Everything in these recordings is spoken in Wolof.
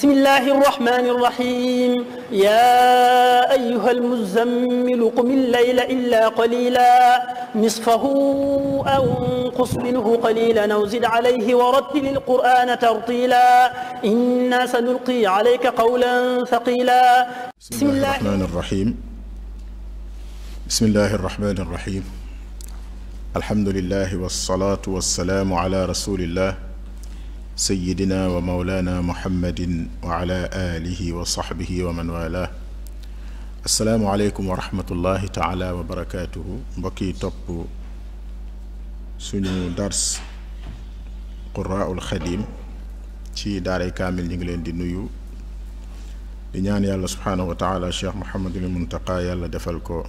بسم الله الرحمن الرحيم يا أيها المزمل قم الليل إلا قليلا نصفه أو انقص منه قليلا أو زد عليه ورتل القرآن ترتيلا إنا سنلقي عليك قولا ثقيلا بسم الله الرحمن الرحيم بسم الله الرحمن الرحيم الحمد لله والصلاة والسلام على رسول الله sayidina wa maulana muhammadin wa ala alihi wa sahbihi wa man wala asalaamualeykum wa rahmatullahi taala wa barakaatuhu mbokk yi topp suñu dars quraul xadim ci daaray kaamil ñu ngi leen di nuyu di ñaan yàlla subhaanahu wa taala cheikh muhammadul muntaqa yàlla defal ko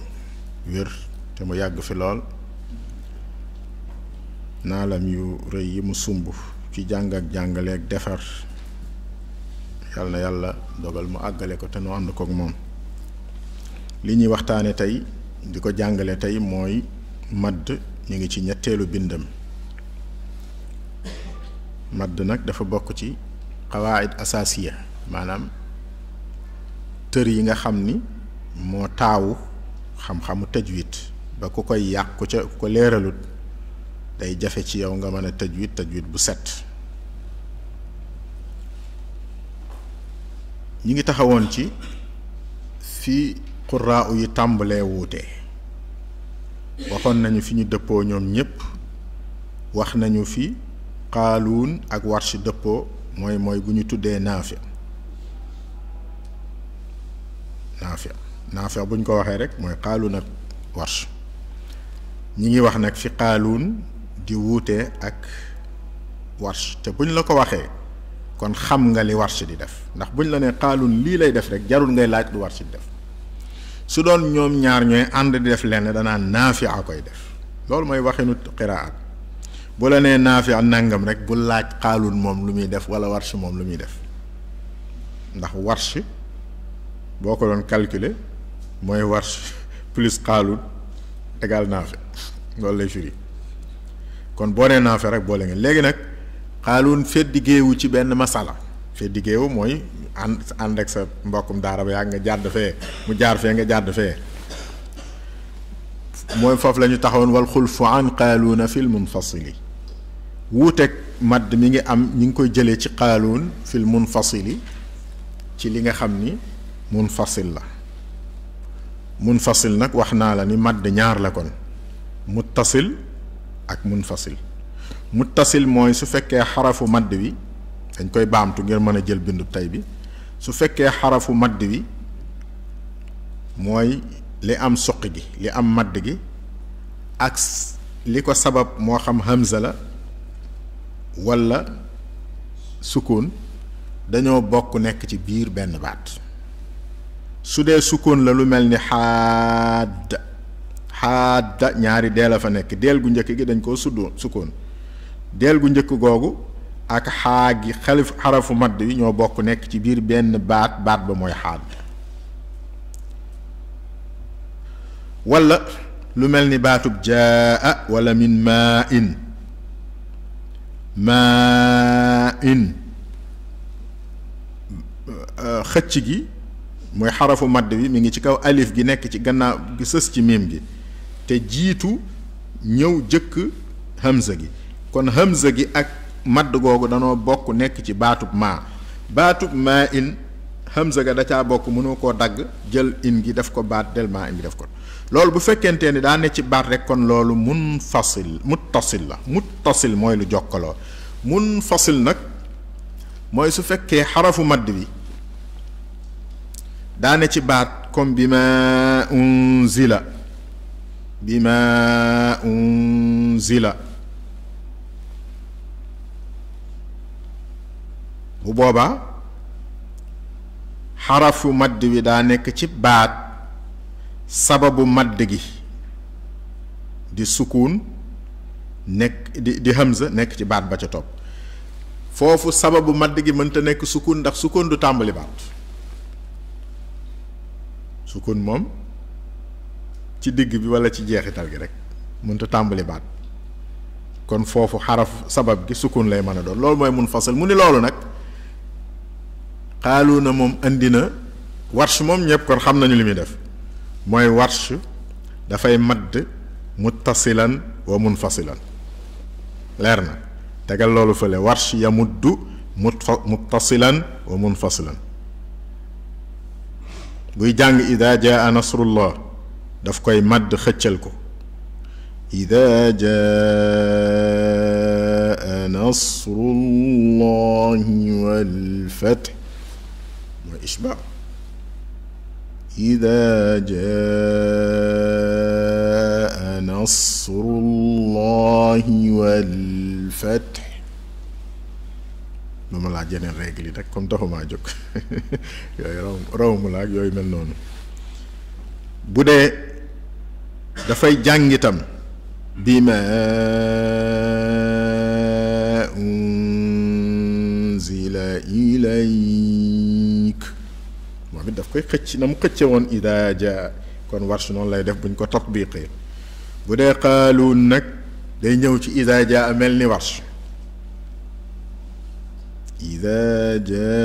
wér te mu yàgg fi lool naalam yu rëy yi mu sumb ci jàng ak jàngale ak defar yàlla na yàlla dogal mu àggale ko te nu ànd kook moom li ñuy waxtaane tey di ko jàngale tey mooy madd ñu ngi ci ñetteelu bindam madd nag dafa bokk ci xawaayid asaasiya maanaam tër yi nga xam ni moo taawu xam-xamu tajwid ba ku koy yàq ku ca ku ko leeralut day jafe ci yow nga mën a tajwid tajwid bu set ñi ngi taxawoon ci fi xuraa yi tàmbalee wuute waxoon nañu fi ñu dëppoo ñoom ñépp wax nañu fi xaaluun ak warsh dëppoo mooy mooy gu ñu tuddee naafi naafi naafi buñ ko waxee rek mooy xaaluun ak warsh ñi ngi wax nag fi xaaluun di wuute ak warsh te bu ñu la ko waxee kon xam nga li warsh di def ndax bu ñu la nee xaalun lii lay def rek jarul ngay laaj lu warsh di def su doon ñoom ñaar ñooy ànd di def lenn danaa naafia koy def loolu mooy waxinu qiraat bu la nee naafia nàngam rek bu laaj xaalun moom lu muy def wala warsh moom lu muy def ndax warsh boo ko doon calculer mooy warsh plus xaalun égal naafi loolu lay firi kon boo nee naa fe rek boole nga léegi nag xaaluun feddigéewu ci benn masala feddigéewu mooy ànd ànd ak sa mbokkum daara ba yàgg nga jàdd fee mu jaar fee nga jàdd fee mooy foofu la ñu taxawoon wal xulfu an xaaluuna fil munfasili wuuteeg madd mi ngi am ñi ngi koy jëlee ci xaaluun fil munfasili ci li nga xam ni munfasil la mun fasil nag wax naa la ni màdd ñaar la kon muttasil ak munfasil muttasil mooy su fekkee xarafu madd wi dañ koy baamtu ngir mën a jël bindu tey bi su fekkee xarafu madd wi mooy li am suqi gi li am madd gi ak li ko sabab moo xam hamza la walla sukkoon dañoo bokk nekk ci biir benn baat su dee sukkoon la lu mel ni xaad xaadda ñaari deel a fa nekk deel gu njëkk gi dañ koo suddoon sukkoon deel gu njëkk googu ak xaa gi xalif xarafu madd yi ñoo bokk nekk ci biir benn baat baat ba mooy xaad wala lu mel ni baatub jaa wala min maa in maa in xëcc gi mooy xarafu madd bi mu ngi ci kaw alif gi nekk ci gannaaw gi sës ci miim gi te jiitu ñëw jëkk hamza gi kon hamza gi ak madd googu danoo bokk nekk ci baatub maa baatub maa in hamza ga da caa bokk mënoo koo dagg jël in gi def ko baat del maa in gi def ko loolu bu fekkentee ni daa ne ci baat rek kon loolu mun fasil muttasil la muttasil mooy lu jokkaloo mun fasil nag mooy su fekkee xarafu madd bi daa ne ci baat comme bi ma unzila bima unzila bu boobaa xarafu madd wi daa nekk ci baat sababu madd gi di sukuun nekk di di hamza nekk ci baat ba ca topp foofu sababu madd gi mënta nekk sukuun ndax sukuun du tàmbali baat sukuun moom ci digg bi walla ci jeexital gi rek mënut tàmbali baat kon foofu xaraf sabab gi sukun lay mën doon loolu mooy mun fasal mu ni loolu nag xaalu na moom indi na warsh moom ñëpp kon xam nañu li muy def mooy warsh dafay madd muttasilan wa munfasilan leer na tegal loolu fële warsh yamuddu muttasilan wa munfasilan buy jàng ida jaa nasrullah daf koy màdd xëccal ko ida jaa nasrullahi walfath mooy ishba ida jaa nasrullahi walfath lu ma laaj yeneen règle yi nag comme taxumaa jóg yooyu raw raw mu laaj yooyu mel noonu bu dee dafay jàngitam bima unzila ilayk moom it daf koy xëcc na mu xëcce woon ida ja kon warsu noonu lay def buñ ko tatbiqee bu dee xaaluun nag day ñëw ci ida ja mel ni warsu ida ja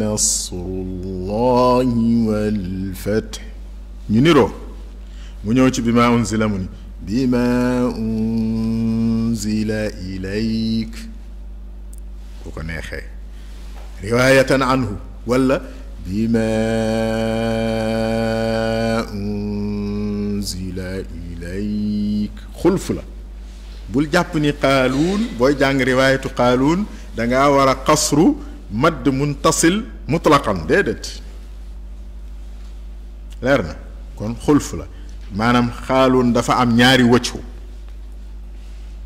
nasrullahi wal fath ñu niroo mu ñëw ci bima ma unzila mu ni bi ma unzila ilayk bu ko neexee riwaayatan anhu wala bi ma unzila ilayk xulf la bul jàpp ni xaaluun booy jàng riwaayatu xaaluun dangaa war a xasru madd muntasil mutlaqan déedéet leer na kon xulf la maanaam xaalun dafa am ñaari wëccu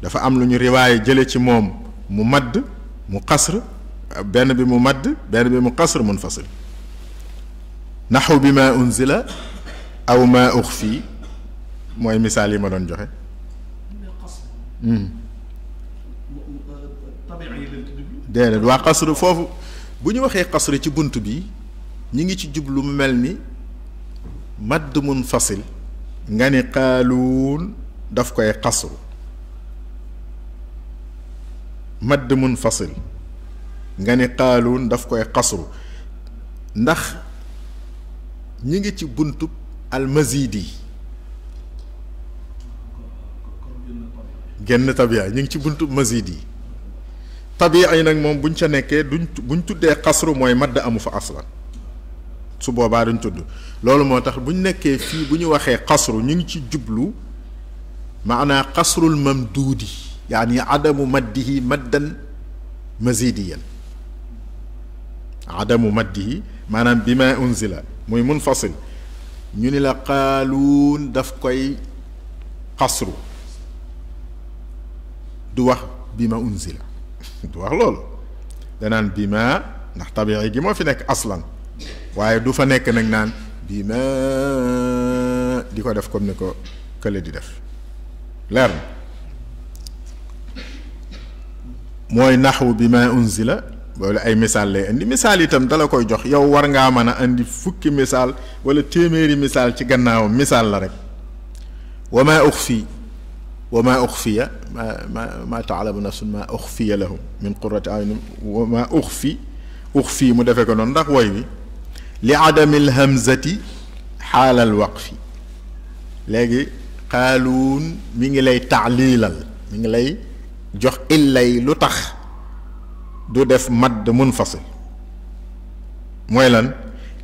dafa am lu ñu riwaaye jële ci moom mu madd mu xasr benn bi mu madd benn bi mu xasr munfasil naxu bi ma unzila aw ma uxfi mooy misaal yi ma doon joxe hmm. déedéet waa xasr foofu bu ñu waxee xasr ci bunt bi ñu ngi ci jublu mu mel ni madd munfasil nga ni xaaluun daf koy xasru madd munfasil nga ni xaaluun daf koy xasru ndax ñi ngi ci buntub almazidi genn tabia ñi ngi ci buntub mazidi tabia yi nag moom buñ ca nekkee duñ buñ tuddee xasru mooy madd amu fa aslan su boobaa duñ tudd loolu moo tax bu ñu nekkee fii bu ñu waxee xasru ñu ngi ci jublu maanaa xasrul mamduudi yaani adamu maddihi maddan mazidiyan adamu maddihi maanaam bi ma unzila muy munfasil ñu ni la xaaluun daf koy xasru du wax bi ma unzila du wax loolu danaan bi ma ndax tabi'i gi moo fi nekk aslan waaye du fa nekk nag naan bii ma di ko def comme ni ko kële di def leer na mooy naxwu bi ma unzila wala ay misaal lay indi misaal itam dala koy jox yow war ngaa mën a indi fukki misaal wala téeméeri misaal ci gannaawam misaal la rek wa maa uxfi wa maa uxfiya ma ma maa taalamu nafsun maa uxfiya lahum min qurrati ayunin wa uxfi uxfi mu defe ko noonu ndax woy bi li adamil hamzati xaalal waqfi léegi xaaluun mi ngi lay taaliilal mu ngi lay jox illay lu tax du def madd munfasil mooy lan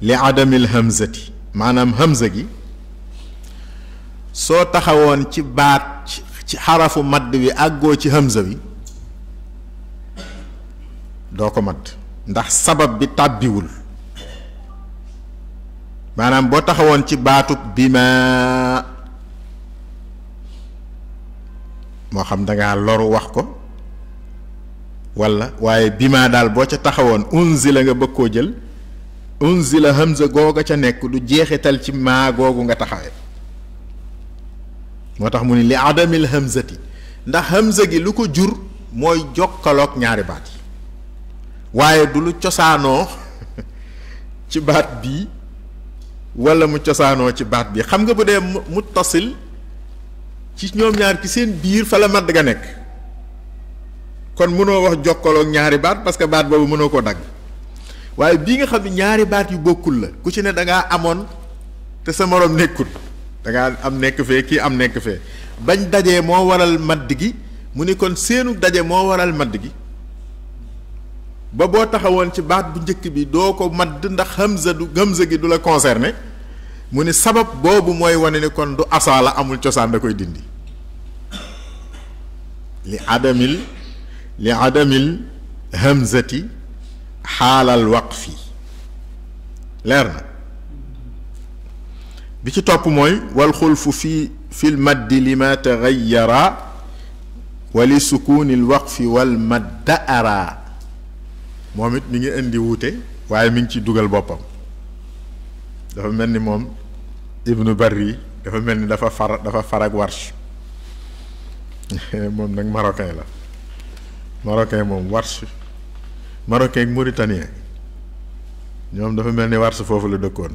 li adamil hamzati maanaam hamza gi soo taxawoon ci baat ci xarafu madd bi àggoo ci hamza bi doo ko madd ndax sabab bi tàbbiwul maanaam boo taxawoon ci baatub bima moo xam dangaa loru wax ko wala waaye bii bima daal boo ca taxawoon unzila nga bëgg koo jël unzila hamza googa ca nekk du jeexital ci maa googu nga taxawee moo tax mu ni li adamil hamzati ndax hamza gi lu ko jur mooy jokkaloog ñaari baat yi waaye du lu cosaanoo ci baat bii wala mu cosaanoo ci baat bi xam nga bu dee muttasil ci ñoom ñaar ci seen biir fa la madd ga nekk kon mënoo wax jokkaloog ñaari baat parce que baat boobu mënoo koo dagg waaye bii nga xam ne ñaari baat yu bokkul la ku ci ne dangaa amoon te sa morom nekkut da am nekk fee kii am nekk fee bañ dajee moo waral madd gi mu ni kon seenu daje moo waral madd gi ba boo taxawoon ci baat bu njëkk bi doo ko madd ndax hamza du hamza gi du la concerné mu ne sabab boobu mooy wane ni kon du asaala amul cosaan da koy dindi li adamil hamzati xaalal waqfi leer na bi ci topp mooy wal xulfu fii fil maddi li ma taxayara wali sukuuni l waqfi wal madda ara moom it mi ngi indi wuute waaye mi ngi ci dugal boppam dafa mel ni moom ibnu barri dafa mel ni dafa far dafa far ak warsh moom nag marokin la marocain moom warsh marokin ak mauritanien ñoom dafa mel ni warsh foofu la dëkkoon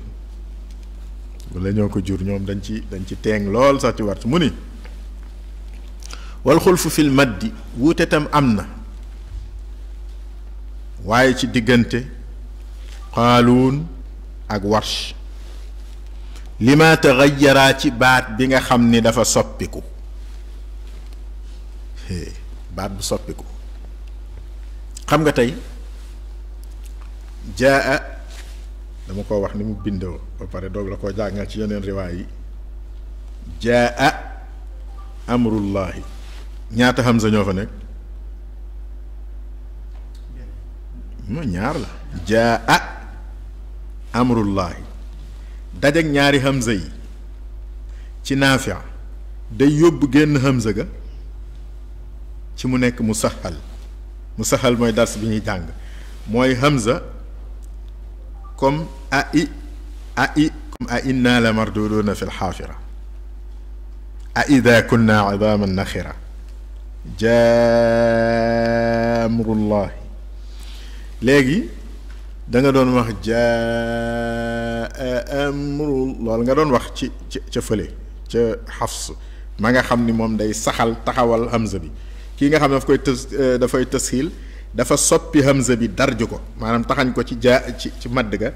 wala ñoo ko jur ñoom dañ ci dañ ci teeng lool sax ci warsh mu ni wal xulfu fil maddi wuute tam am na waaye ci diggante xaaluun ak warsh li ma taxayaraa ci baat bi nga xam ni dafa soppiku baat bu soppiku xam nga tey jaa dama ko wax ni mu bindoo ba pare doog la koo jàngal ci yeneen riwaay yi jaa amrullahi ñaata xam sañoo fa nekk non ñaar la jaa a amrullahi dajak ñaari hamza yi ci naafia day yóbbu génn hamza ga ci mu nekk musahal musahal mooy dars bi ñuy jàng mooy hamza comme a i a i comme a inna la marduduna fi lxaafira a ida kunna idaaman naxira jaa amrullahi léegi danga doon wax jaa amru loolu nga doon wax ci ci ca fële ca xafs ma nga xam ni moom day saxal taxawal hamza bi kii nga xam ne daf koy tës euh, dafay tasxiil dafa soppi hamza bi darju ko maanaam taxañ ko ci jaa ci ci madd ga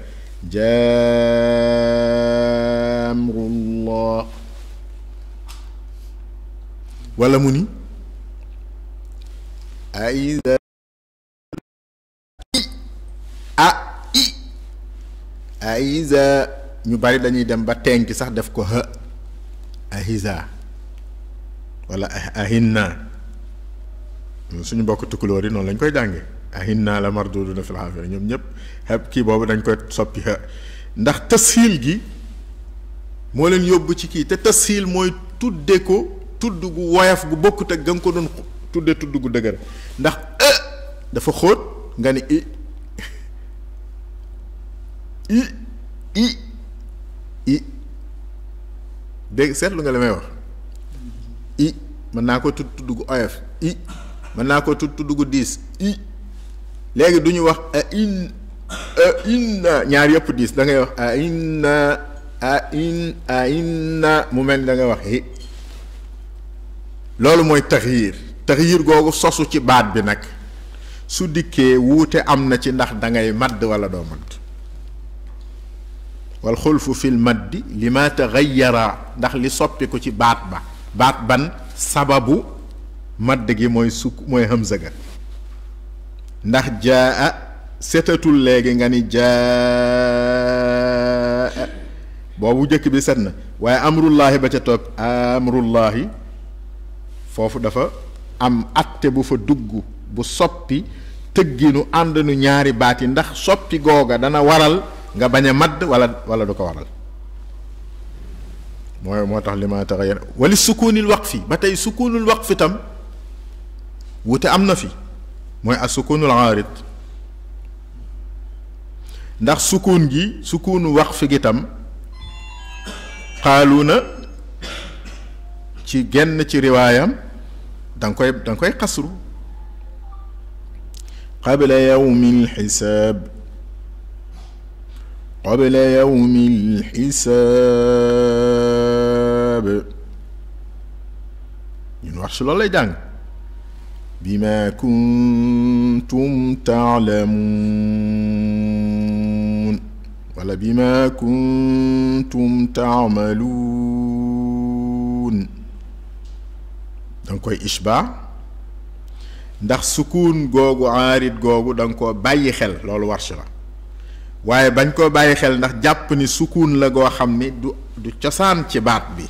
jaamrullah mu ni ay a ñu bari dañuy dem ba tenki sax def ko hë ahiza wala ahinna suñu mbokk tukulóor yi noonu lañ koy jànge ahinna la marduduna fil hafira ñoom ñëpp xeb kii boobu dañ koy soppi hë ndax tasiil gi moo leen yóbbu ci kii te tasiil mooy tudde ko tudd gu woyof gu bokkut ak ga nga ko doon tudde tudd gu dëgër ndax dafa xóot nga ni i i i i dégg seetlu nga la may wax i mën naa ko tudd tudd gu oyof i mën naa ko tudd tudd gu diis i léegi du ñu wax a in a in ñaar yëpp diis da ngay wax a in a in a mu mel ni da ngay wax loolu mooy taxyir taxyir googu sosu ci baat bi nag su dikkee wuute am na ci ndax dangay ngay madd wala doo madd wal xulfu fil maddi li ma taxayyara ndax li soppiku ci baat ba baat ban sababu madd gi mooy sukk mooy hamza ga ndax jaa setatul léegi nga ni jaa boobu jëkk bi set na waaye amrullahi ba ca topp amrullahi foofu dafa am atte bu fa dugg bu soppi tëgginu ànd nu ñaari baat yi ndax soppi googa dana waral nga bañ a madd wala wala du ko waral mooy moo tax li ma tax yenn wali sukkunil waqfi ba tey sukkunul waqfi tam wute am na fi mooy as sukkunul aarid ndax sukkun gi sukkunu wax gi tam xaalu na ci genn ci riwaayam da nga koy da nga koy xasru qabla yawmil xisaab قبل يوم الحساب ñun wax si loolu lay jàng bima kuntum taalamuun wala bima kuntum taamaluun da koy ishbaa ndax sukuun googu aarit googu danga nga ko bàyyi xel loolu warsh la waaye bañ koo bàyyi xel ndax jàpp ni sukuun la goo xam ni du du cosaan ci baat bi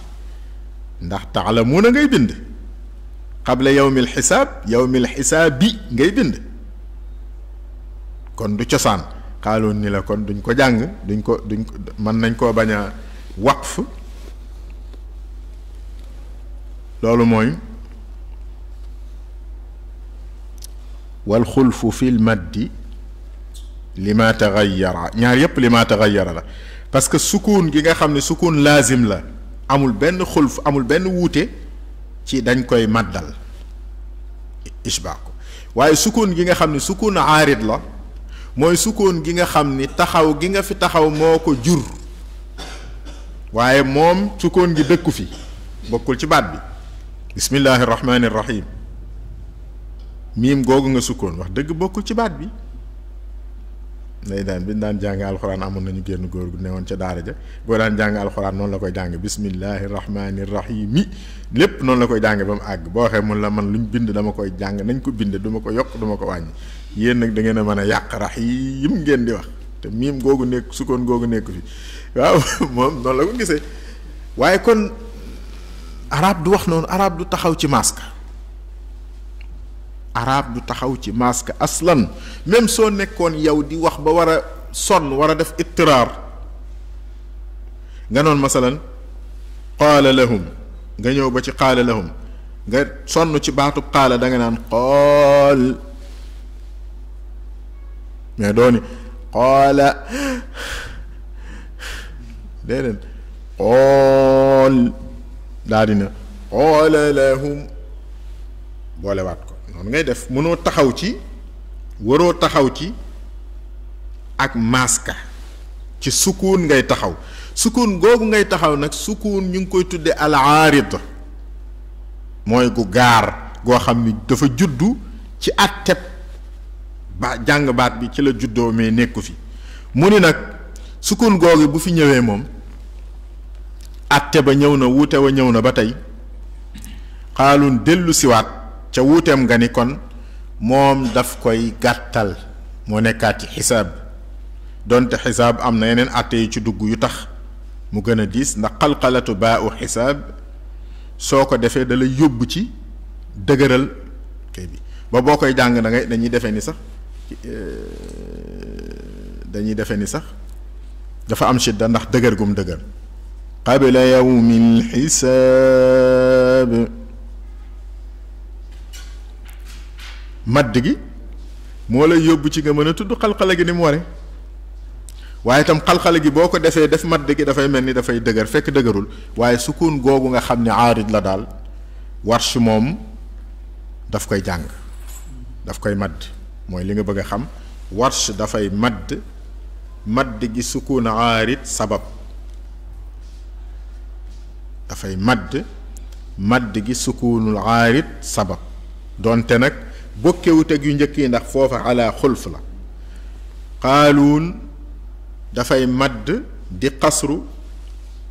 ndax na ngay bind xable yowmil xisaab yowmil xisaab bi ngay bind kon du cosaan xaaloon ni la kon duñ ko jàng duñ ko duñ ko mën nañ koo bañ a loolu mooy wal xulfu fil maddi li ma taxayara ñaar yépp li ma taxayara la parce que sukuun gi nga xam ne sukuun laazim la amul benn xulf amul benn wuute ci dañ koy maddal ishbaa ko waaye sukuun gi nga xam ne sukuun aarid la mooy sukuun gi nga xam ni taxaw gi nga fi taxaw moo ko jur waaye moom sukuun gi dëkku fi bokkul ci baat bi bismillahi rahmaani rahim miim googu nga sukkoon wax dëgg bokkul ci baat bi day daan bi ñu daan jàng alxuraan amoon nañu génn góor gu newoon ca daara ja boo daan jàng alxuraan noonu la koy jàng bismillahi rahmaani rahimi lépp noonu la koy jàng ba mu àgg boo waxee mun la man luñ bind dama koy jàng nañ ko bind duma ko yokk duma ko wàññi yéen nag dangeen ngeen a mën a yàq rahim ngeen di wax te miim googu nekk sukkoon googu nekk fi waaw moom noonu la ko gisee waaye kon arab du wax noonu araab du taxaw ci masque arab du taxaw ci masque aslan même soo nekkoon yow di wax ba war a sonn war a def ittiraar nga noon masalan qaala lahum nga ñëw ba ci qaala lahum nga sonn ci baatub qaala da nga naan qaal mais dooni qaala déedéet qaal daa dina qaala lahum boolewaat ko noonu ngay def mënoo taxaw ci waroo taxaw ci ak maska ci sukuun ngay taxaw sukuun googu ngay taxaw nag sukuun ñu ngi koy tuddee al aarid mooy gu gaar goo xam ni dafa juddu ci àtteb ba jàng baat bi ci la juddoo mais nekku fi mu ni nag sukuun googu bu fi ñëwee moom àtte ba ñëw na wuute wa ñëw na ba tey xaalun dellusiwaat ca wuuteem nga ni kon moom daf koy gàttal moo nekkaat ci xisaab donte xisaab am na yeneen àtte yi ci dugg yu tax mu gën a diis ndax xalxalatu baa u xisaab soo ko defee da la yóbbu ci dëgëral kay bi ba boo koy jàng da dañuy defee ni sax eh, dañuy defe ni sax dafa am shidda ndax dëgër gum dëgër qabla yawmil xisaab madd gi moo lay yóbbu ci nga mën a tudd xalxale gi ni mu ware waaye tam xalxale gi boo ko defee def madd gi dafay mel ni dafay dëgër fekk dëgërul waaye sukun googu nga xam ne aarid la daal warsh moom daf koy jàng daf koy madd mooy li nga bëgg xam warsh dafay madd madd gi sukun aarid sabab dafay madd madd gi sukunul aarid sabab doonte nag bokkewute ak yu njëkk yi ndax foofa ala xulf la xaaluun dafay màdd di xasru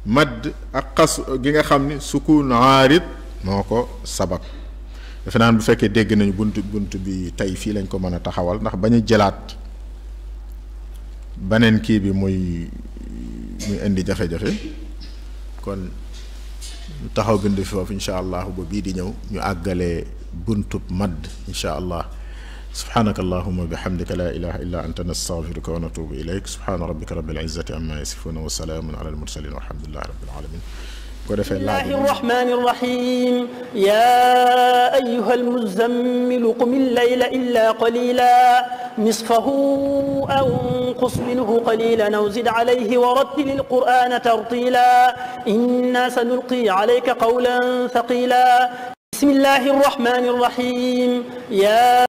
madd ak xas gi nga xam ne sukun aarid moo ko sabab defe naan bu fekkee dégg nañu bunt bi tey fii lañ ko mën a taxawal ndax ba ñu jëlaat beneen kii bi muy muy indi jafe-jafe kon taxaw bind foofu incha allah ba bii di ñëw ñu àggalee buntub madd incha allah subhaanaka allahuma bihamdika laa ilaha illa anta nastaghfiruka wa natubu ilayk subhaana rabbika rabbil izzati amma yasifuuna wa salaamun ala al mursalin walhamdulillahi alamin ko defee laaj bismillahi rahmani rahim ya ayyuha almuzammilu qum allayla illa qalila nisfahu aw inqus minhu qalilan aw zid alayhi wa rattil alqur'ana tartila inna sanulqi alayka qawlan thaqila bismillahi rahmani rahim ya